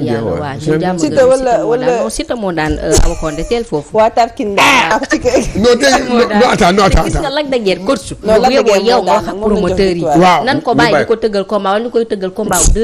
yàlla waa ñu jàmm Siteu wala wala Siteu moo daan euh, Ama Konde teel foofu. waa Tarkine ak ah, ah, ci non tey non attends non attends gis nga Lac de Guiers coach bu yeboo yow nga wax ko bàyyi di ko tëggal combat wala ñu koy tëggal combat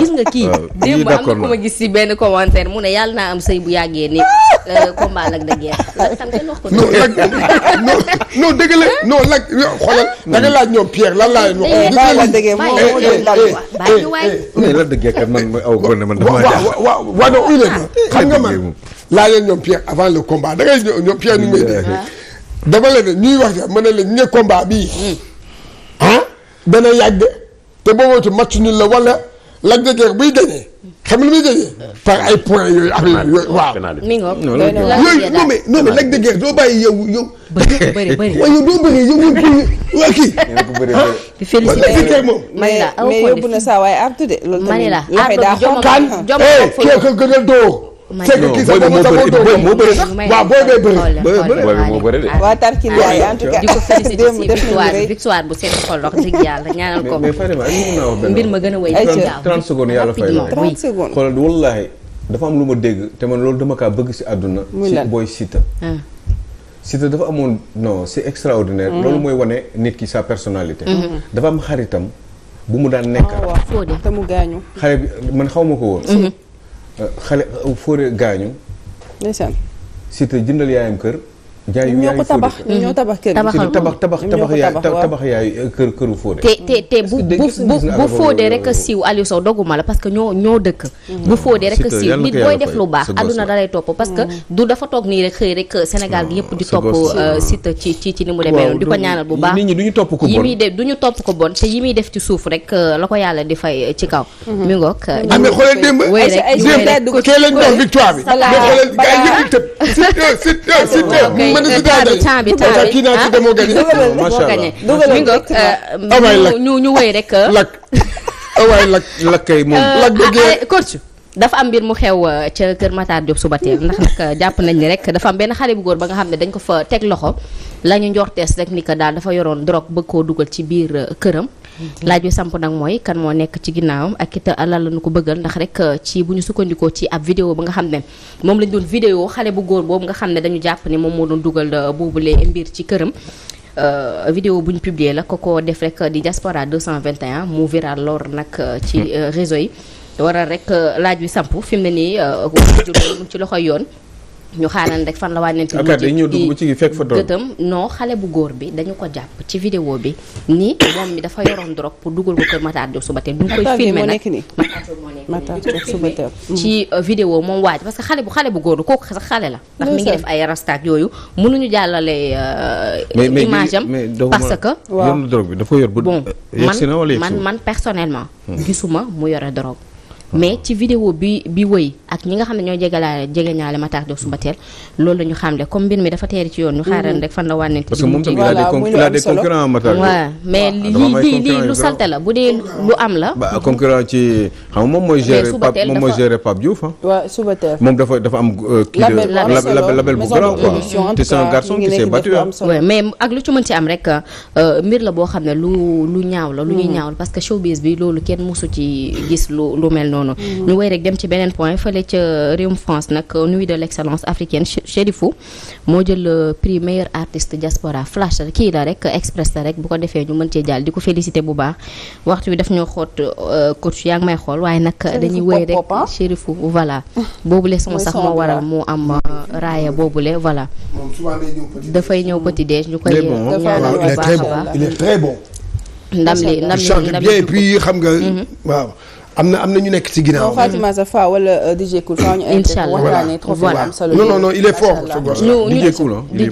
gis nga kii euh, démb am na ku ma gis si benn commentaire mu ne yàlla naa am sëy bu yàggee ni euh, combat Lac de Guiers tam kenn wax xoolal da nga laaj ñoom Pierre lan laa leen wax. Lac de Guiers moo leen dal waay Lac de Guiers kat man aw gone man waaw waaw waaw non il est bon xam nga man laa leen ñoom Pierre avant le combat da ngay ñoom Pierre ñu may dee dama leen ne ñuy wax ma ne la ñu ne combat bii ah dana yàgg de te boobu match nul la wala Lac de Guiers buy gagné xam nga li muy jógee par ay points yooyu am na yooyu waaw. mi ngoog loolu yooyu non mais non mais Lac de Guiers doo bàyyi yow yow. bëri bëri bëri waaye yow doo bëri yow waa kii. Ah, di la aw mais yóbbu na saa waaye daa xool kan. jom ko c'est que kii sax moo bëri moo bëri sax waaw booy bee bëri. booy bi moo bëri de. waa Tarkine yaay en tout cas. di ko félicité si victoire victoire bu seen xol wax dëgg yàlla ñaanal ko. mais Fatima mbir ma gën a wéy. ayca 30 secondes yàlla fay la 30 secondes. xoolal wallaahi dafa am lu ma dégg te man loolu dama kaa bëgg si àdduna. muy lan si booy Sita. Ah. Sita dafa amoon non c'est extraordinaire. Mm-hmm. loolu mooy wane nit ki sa personnalité. Mm-hmm. dafa am xaritam bu mu daan nekk. Oh, te mu gaañu. xale bi man xaw ma ko woon. Mm-hmm. xale Fodé gaañu. ndeysaan Siteu jëndal yaayam kër. jaay ñoo ko mm. tabax ñoo tabax kër tabax tabax tabax yaay tabax euh, yaay kër këru Fodé te te te bu bu bu Fodé rek a siiw Aliou Sow doguma la parce que ñoo ñoo dëkk mm. bu Fodé rek a siiw nit booy def lu baax àdduna dalay topp parce que mm. du dafa toog nii rek xëy rek euh, Sénégal gi yëpp di topp euh, Siteu ci ci ci ni mu demee noonu di ko ñaanal bu baax nit ñi duñu topp ko bon yi muy def ko bon te yi muy def ci suuf rek la ko yàlla di fay ci kaw mm-hmm. mi ngoog ame ah, xoolee démb démb kee lañ doon victoire bi xoolee gaay yëpp tëb Siteu Siteu Siteu Euh, temps bi temps bi ñu ñu wëy rek. Euh. lakk ah, waaye lakk lakkay moom. Euh, lakk dëgg dafa am mbir mu xew euh, ca Kër Matar Diop suba teel ndax nag euh, jàpp nañ ni rek dafa am benn xale bu góor ba nga xam ne dañ ko fa teg loxo la ñu njortees rek ni que daal dafa yoroon drogue bëgg koo dugal ci biir euh, këram. Mhm. laaj bi samp nag mooy kan moo nekk ci ginnaawam ak it alal la ñu ko bëggal ndax rek ci bu ñu sukkandikoo ci ab vidéo ba nga xam ne moom lañ doon vidéo xale bu góor boobu nga xam ne dañu jàpp ni moom moo doon dugal boobule mbir ci këram. vidéo bu ñu publier la ko ko def rek di diaspora 221 mu viral lor nag ci hmm. réseau yi. waral rek euh, laaj bi samp fi mu ne nii euh, ci loxo yoon ñu xaaral rek fan la waa nent ci fekk fa gëtam non xale bu góor bi dañu ko jàpp ci vidéo bi ni moom mi dafa yoroon drogue pour dugal ko kër Matar Diop Soubatel du ñu vidéo moom waaj parce que xale bu xale bu góor kooku xale la ndax mi ngi def ay rastaak yooyu mënuñu jàllale euh, image am parce que yor drogue bi dafa yor bu bon man man personnellement hmm. gisuma mu yore drogue mais ci vidéo bi bi wëy ak ñi nga xam ne ñoo jegalaale jege ñaale Matar Diop suba teel loolu la ñu xamle comme mbir mi dafa teeri ci yoon ñu xaaral mm-hmm. rek fan la wànnante parce que moom a des mooy gérer Pape moom mooy gérer Pape Diouf ah waaw suba teel moom dafa dafa am euh, kii de bu grand quoi te c'est un garçon qui s'est battu mais ak lu ci mën ci am rek euh, euh, mbir la boo xam ne lu lu ñaaw la lu ñuy mm. ñaaw la parce que showbiz bi loolu kenn mosu ci gis lu mel noonu mm. ñu wéy rek dem ci beneen point fële fële ca réewum France nag nuit de l' excellence africaine Chérifou moo jël euh, prix meilleur artiste diaspora flash kii la rek express la rek bu ko defee ñu mën cee jàll di ko félicité bu baax waxtu bi daf ñoo xoot euh, coach yaa ngi may xool waaye nag dañuy wéy rek ah. Chérifou voilà boobule son sax moo waral moo am euh, raaya boobule voilà dafay ñëw petit déj ñu koy ñaanal bu baax a baax ndam li ndam li ndam li et puis xam nga mhm. waaw am na am na ñu nekk ci ginnaaw. Fatima Zafa wala euh, DJ Cool. incha allah voilà voilà non non non il est fort. ñu ñu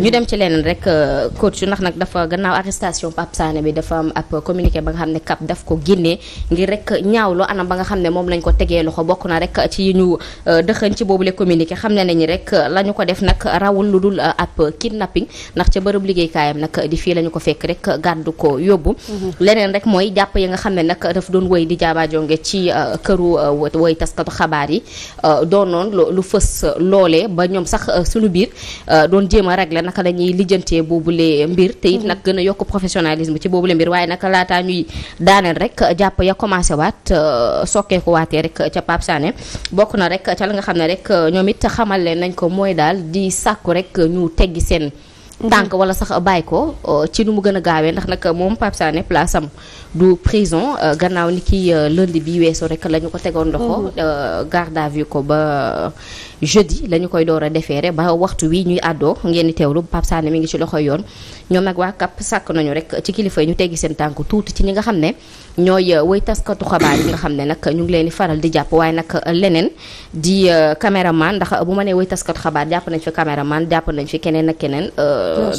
ñu dem ci leneen rek euh, coach ndax nag dafa gannaaw arrestation Pape Sané bi dafa am ab communiqué ba nga xam ne CAP daf ko génnee ngir rek ñaawloo anam ba nga xam ne moom lañ ko tegee loxo bokk na rek ci yi ñu euh, dëxëñ ci boobule communiqué xam ne nañu rek la ñu ko def nag rawul lu dul ab kidnapping ndax ca bërëb liggéeykaayam nag di fii la ñu ko fekk rek gàddu ko yóbbu. Mhm. leneen rek mooy jàpp yi nga xam ne nag daf doon wëy di jaabaaju jonge ci euh, këru euh, way taskatu xabaar yi doon euh, doonoon lu fës loolee ba ñoom sax suñu biir doon jéem a régler naka la ñuy boobu boobule mbir te it mhm. nag gën a yokk professionnalisme ci boobu boobule mbir waaye naka laataa ñuy daaneel rek jàpp ya commencé waat sokkeeku waatee rek ca Pape Sané bokk na rek ca la nga xam ne rek ñoom it xamal leen nañ ko mooy daal di sàkku rek ñu teggi seen Mm-hmm. tànk wala sax bàyyi ko euh, ci nu mu gën a gaawee ndax nag moom Pape Sané place am du prison euh, gannaaw ni ki euh, lundi bi weesu rek lañu ko tegoon loxo. Mm-hmm. garde à vue ko ba jeudi la ñu koy door a defeere ba waxtu wi ñuy àddoo ngeen teew teewlu Pape Sané mi ngi ci loxo yoon ñoom nag waa CAP sàkk nañu rek ci kilifa yi ñu teggi seen tànk tuuti ci ñi nga xam ne ñooy woy taskatu xabaar yi nga xam ne nag ñu ngi leen di faral di jàpp waaye nag leneen di caméraman ndax bu ma nee woy taskatu xabaar jàpp nañ fi caméraman jàpp nañ fi keneen ak keneen.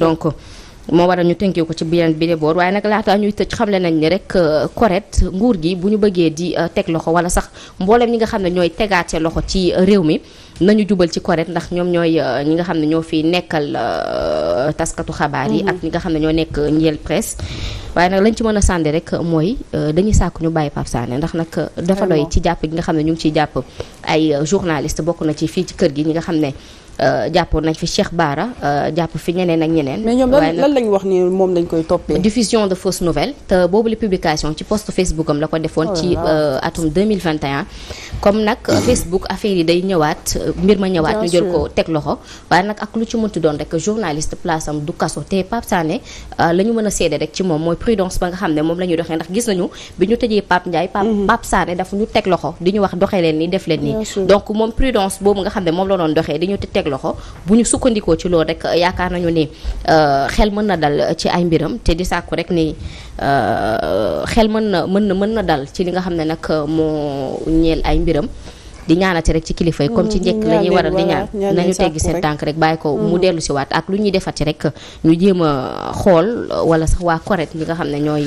donc moo war waral ñu tenkee ko ci biir bi de waaye nag laata ñuy tëj xamle nañ ni rek euh, correct nguur gi bu ñu bëggee di euh, teg loxo wala sax mboolem ñi nga xam ne ñooy tegaate loxo ci euh, réew mi nañu jubal ci correct ndax ñoom ñooy ñi nga xam ne ñoo fi nekkal taskatu xabaar yi. Mm-hmm. ak ñi nga xam ne ñoo nekk njël presse. waaye nag lañ ci mën a sànni rek mooy dañuy sàkk ñu bàyyi Pape Sané ndax nag dafa doy ci jàpp gi nga xam ne ñu ngi ciy jàpp ay journaliste bokk na ci fii ci kër gi ñi nga xam ne. Euh, jàppoon nañ fi Cheikh Bara euh, jàpp fi ñeneen ak ñeneen. mais ñoom lan wax ni moom lañ koy toppee. diffusion de fausses nouvelles te boobu la publication ci post Facebook la ko defoon. Oh ci euh, atum comme nag mm-hmm. Facebook affaire yi day ñëwaat mbir ma ñëwaat. ñu jël ko teg loxo. waaye nag ak lu ci mënti doon rek journaliste place am du kaso te Pape Sané mën a seede rek ci moom mooy prudence ba nga xam ne moom la doxee ndax gis nañu bi ñu tëjee Pape Ndiaye. Pape mm-hmm. Pape di ñu wax doxee leen nii teg loxo bu ñu sukkandikoo ci lool rek yaakaar nañu ni euh, xel mën na dal ci ay mbiram te di sàkku rek ni euh, xel mën na mën na mën na dal ci li nga xam ne nag moo ñeel ay mbiram di ñaanati rek ci kilifa yi comme ci njëkk la ñuy waral di ñaan nañu teggi seen tànk rek bàyyi ko mu mm. dellu si waat ak lu ñuy defati rek ñu jéem a xool wala sax waa correct ñi nga xam ne ñooy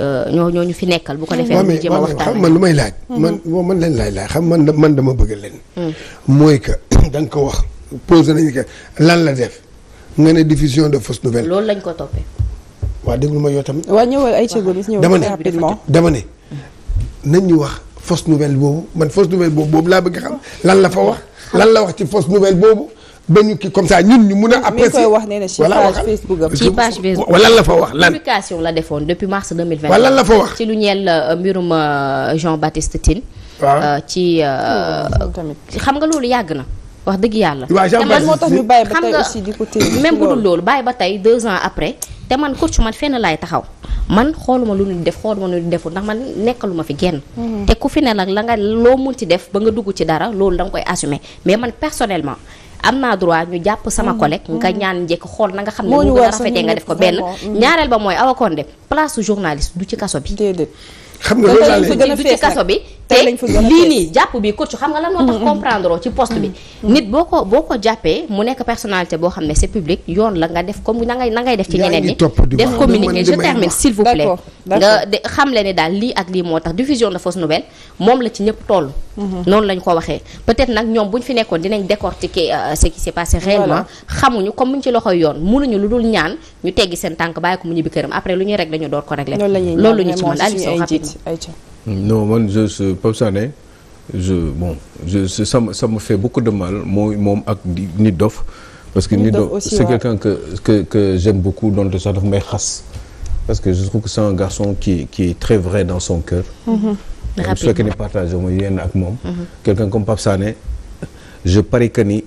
euh, ñoo ñoo ñu fi nekkal bu ko defee ñu jéem a waxtaan man lu may laaj mm. man man leen laay laaj xam man man dama bëgg posé nañu que lan la def nga ne diffusion de fausse nouvelle. loolu lañ ko toppee. waaw déglu ma yow tamit. waaw ñëwal ay secondes ñëw dama ne dama ne nañ ñu wax fausse nouvelle boobu man fausse nouvelle boobu boobu laa bëgg xam lan la fa wax lan la wax ci fausse nouvelle boobu. ba ñu kii comme ça ñun ñu mun a. apprécier mi koy wax nee na ci page Facebook am. lan la fa wax lan. publication la defoon depuis mars 2020. wala lan la fa wax ci lu ñeel euh, mbirum euh, Jean Baptiste tin waaw euh, ci. xam nga loolu yàgg na. wax dëgg yàlla. waaw te man moo tax ñu bàyyi ba tey aussi di ko téye même bu dul deux ans après te man coach man fenn laay taxaw man xooluma lu ñu def xooluma lu ñu defu ndax man nekkaluma fi genn mhm. te ku fi ne nag la nga loo mun ci def ba nga dugg ci dara loolu da nga koy assumer mais man personnellement am naa droit ñu jàpp sama mhm. collègue nga mhm. ñaan njekk xool na nga xam ne mu gën a rafetee nga def ko benn ñaareel ba mooy awakoon de place journaliste du ci kaso bi du ci kaso bi te lii nii jàpp bi coach xam nga lan moo tax comprendre ci poste bi nit boo ko boo ko jàppee mu nekk personnalité boo xam ne c'est public yoon la nga def comme na ngay na ngay def ci moom la ci ñëpp toll mm-hmm. noonu lañ ko waxee peut-être nag ñoom buñ fi nekkoon dinañ décortiquer euh, ce qui s'est passé réellement xamuñu comme muñ ci loxoy yoon mënuñu lu dul ñaan ñu teggi seen tànk bàyyi ko mu ñibbi këram après lu ñuy régler ñu door ko régler loolu la ñu ci mën non man je suis Pape Sané je bon je fait beaucoup de mal moom ak Nit Dof parce que Nit Dof c'est quelqu'un que que que j'aime beaucoup donc sax daf may xas parce que je trouve que c'est un garçon qui est très vrai dans son cœur su fekkee ni partagé ma yenn ak moom mm-hmm. quelqu'un comme Pape je parie que ni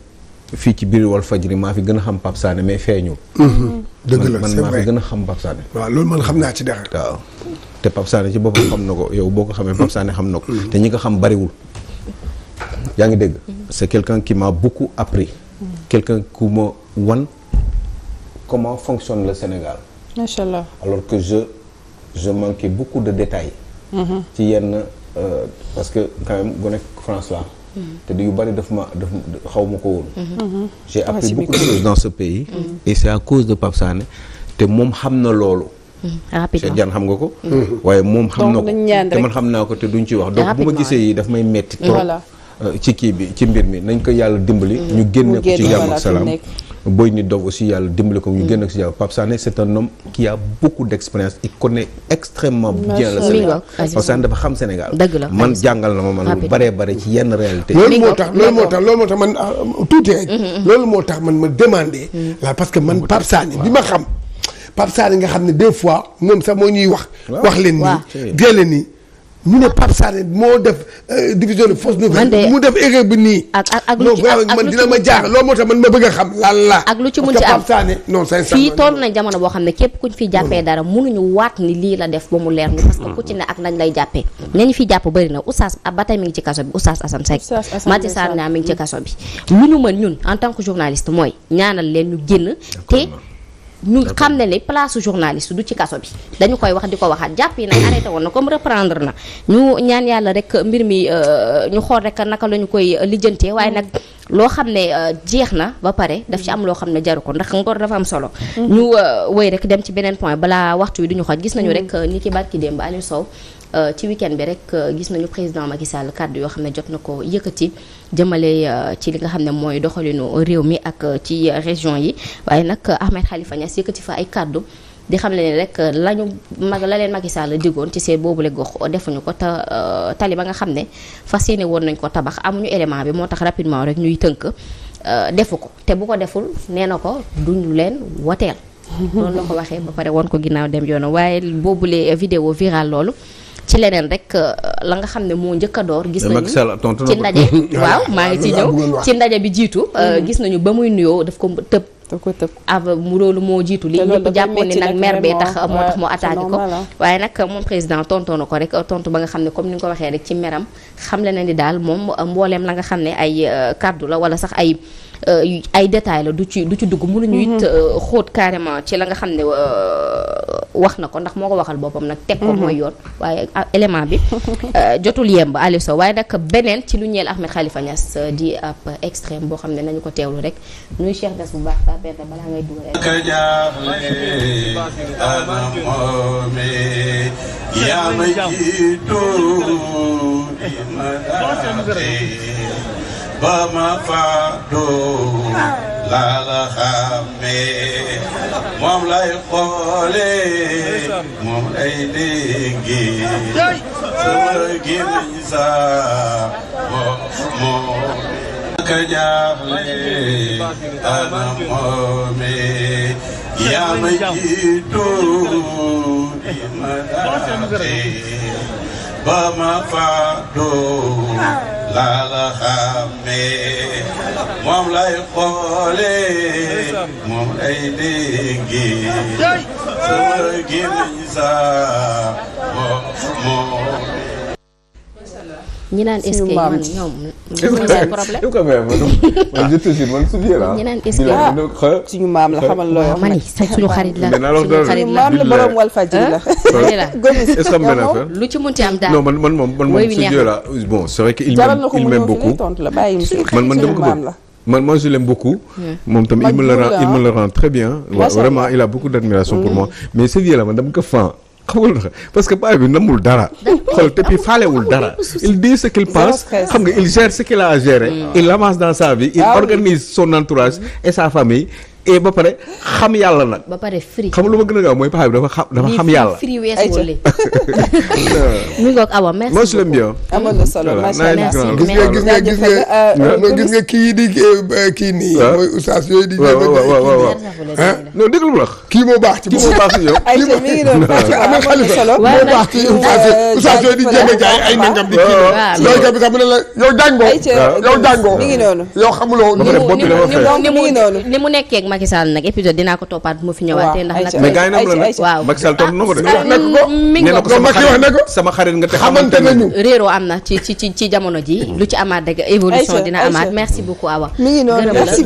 fii ci biir Walfadjri maa fi gën a xam Pape mais feeñul. Mhm. dëgg la man maa fi gën a xam Pape Sané. waaw loolu man xam naa ci dara. waaw te Pape Sané ci boppam xam na ko yow boo ko xamee Pape Sané xam na ko. Mhm. te ñi ko xam bariwul. yaa ngi dégg. c'est quelqu'un qui m'a beaucoup appris. Mhm. quelqu'un ku ma wan comment fonctionne le Sénégal. macha allah alors que je je manquais beaucoup de détails. ci yenn. Euh, parce que quand même gu nekk France là mm-hmm. te yu bëri daf ma daf xaw ma ko woon mm-hmm. j'ai ah, appris beaucoup de dans ce pays mm-hmm. et c'est à cause de Pape te moom xam na loolu Cheikh Diane xam nga ko waaye moom xam na ko te man xam naa ko te duñ ci wax donc bu ma gisee yi daf may metti trop Euh, ci kii bi ci mbir mi nañ ko yàlla dimbali. Mm. ñu génne ko ci jàmm ak salaam Boy Nit Doff aussi yàlla dimbali ko ñu mm. génne ko ci jàmm Pape Sané c' est un homme qui a beaucoup d' expérience il connaît extrêmement bien le Sénégal parce que xam Sénégal. dëgg la man jàngal na ma man lu bare bare ci yenn réalité loolu moo tax loolu moo tax man ah, tuuti rek. Mm-hmm, mm-hmm. loolu moo tax man ma demandé. Mm. parce que man Pape Sané bi ma xam. Pape Sané nga xam ne des fois moom sax moo ñuy wax. wax leen nii. ñu ne Pape Sané moo def euh, division de force nouvelle. mu def erreur bi nii. ak ak ak lu ci xam lan la. ak lu ci mun ci am Pape fii toll na jamono boo xam ne képp ku ñu fi jàppee dara mënuñu waat ni lii la def ba mu leer ñu. parce que ku ci ne ak nañ lay jàppee. nañu fi jàpp bëri na Oustaz ba tey mi ngi ci kaso bi Oustaz Assane Seck. Oustaz Assane Seck ngi ci mm. kaso bi. lu ñu mën ñun en tan que journaliste mooy ñaanal leen ñu génn te. ñu xam ne ne place journaliste du ci kaso bi dañu koy wax di ko waxaat jàpp yi nag arrêté woon na comme reprendre na ñu ñaan yàlla rek mbir mi euh, ñu xool rek naka lañu koy euh, lijjantee waaye nag loo xam ne euh, jeex na ba pare daf ci am loo xam ne jaru ko ndax ngor dafa am solo mm-hmm. ñu wëy rek dem ci beneen point balaa waxtu wi duñu xoj gis nañu mm-hmm. rek ni ki barki démb Aliou Sow Euh, ci week bi rek euh, gis nañu président Macky kàddu yoo xam ne jot na ko yëkkati jëmale euh, ci li nga xam ne mooy doxalinu réew mi ak ci région yi waaye nag Ahmed xalifa Niass yëkkati fa ay kàddu di xam ne rek lañu mag la leen Macky Sall digoon ci seen boobule gox defuñu ko tali ba nga xam ne fas yéene woon nañ ko tabax amuñu élément bi moo tax rapidement rek ñuy tënk defu ko te bu ko deful nee na ko duñu leen woteel. loolu la ko waxee ba pare woon ko ginnaaw dem yoonu waaye boobu boobule vidéo viral loolu. ci leneen rek euh, la nga xam ne moo njëkk a door gis nañu ci ndaje waaw maa ngi ci ñëw ci ndaje bi jiitu euh, gis nañu ba muy nuyoo daf ko tëb Ah, mu loolu moo jiitu li ñëpp jàppoon ni nag maire bee tax moo tax mu attaqué ko waaye nag moom président tontu na ko rek tontu ba nga xam ne comme ni ko waxee rek ci meram xam le na ni daal moom euh, mbooleem la nga xam ne ay euh, kàddu la wala sax ay euh, ay détails la du ci du ci dugg mënuñu it mm-hmm. xóot carrément ci la nga xam ne wax na ko ndax moo ko waxal boppam nag teg ko mm-hmm. mooy yoon waaye ah, élément bi jotul yemb Aliou Sow waaye nag beneen ci lu ñeel Ahmed xalifa Niass di ab extrême boo xam ne nañu ko teewul rek nuy Cheikh Niass bu benn balaa ngay dugal ka jaaxle ana moome ma jiitu di ma daate ba ma faatoo la xàmmee saa moom ak jaaxle ana moome yaa ma jiitu li ma daaxee ba ma faatu laa la xàmmee moom lay xoolee moom lay déggee sama moom ñi naan est-ce que ñoom ñoom problème. yow kay man je te jure man su dee la. Ah. ñi maam la xamal looy wax. mani suñu xarit la suñu xarit la maam la borom ah, lu ci munti am daal. non man man man man su dee la bon c'est vrai que il m'aime il m'aime beaucoup. man man dama man moi ah. rend très bien. il a beaucoup d'admiration pour mm. moi mais ce vieux là man dama ko fan xamul na parce que baay bi namul dara. xool te puis faalewul dara. il dit ce qu'il pense xam nga il gère ce qu'il a à gérer. Mm. il avance dans sa vie. il ah organise son entourage et sa famille. et eh, ba pare xam yàlla nag. ba pare fri xam lu ma a gaaw mooy paa bi dafa xam dafa yàlla. fri weesu wala. mi na solo macha allah gis ah. la. kii moo baax ci moo na solo. moo a euh, jaay di kii. bi sax mu ne la yow jàngoo. yow euh, jàngoo mi ngi noonu. yow xamuloo. ni mu ni mu ni mu nekkee Macky Sall nag épisode dinaa ko toppaat bu ma fi ñëwaatee yi nam la nag na ko de mm, mi ngi ko sama sama xarit nga te xamante nañu réeroo am na ci ci ci jamono ji mm. lu ci amaat dëgg évolution dina amaat merci beaucoup Awa mi ngi noonu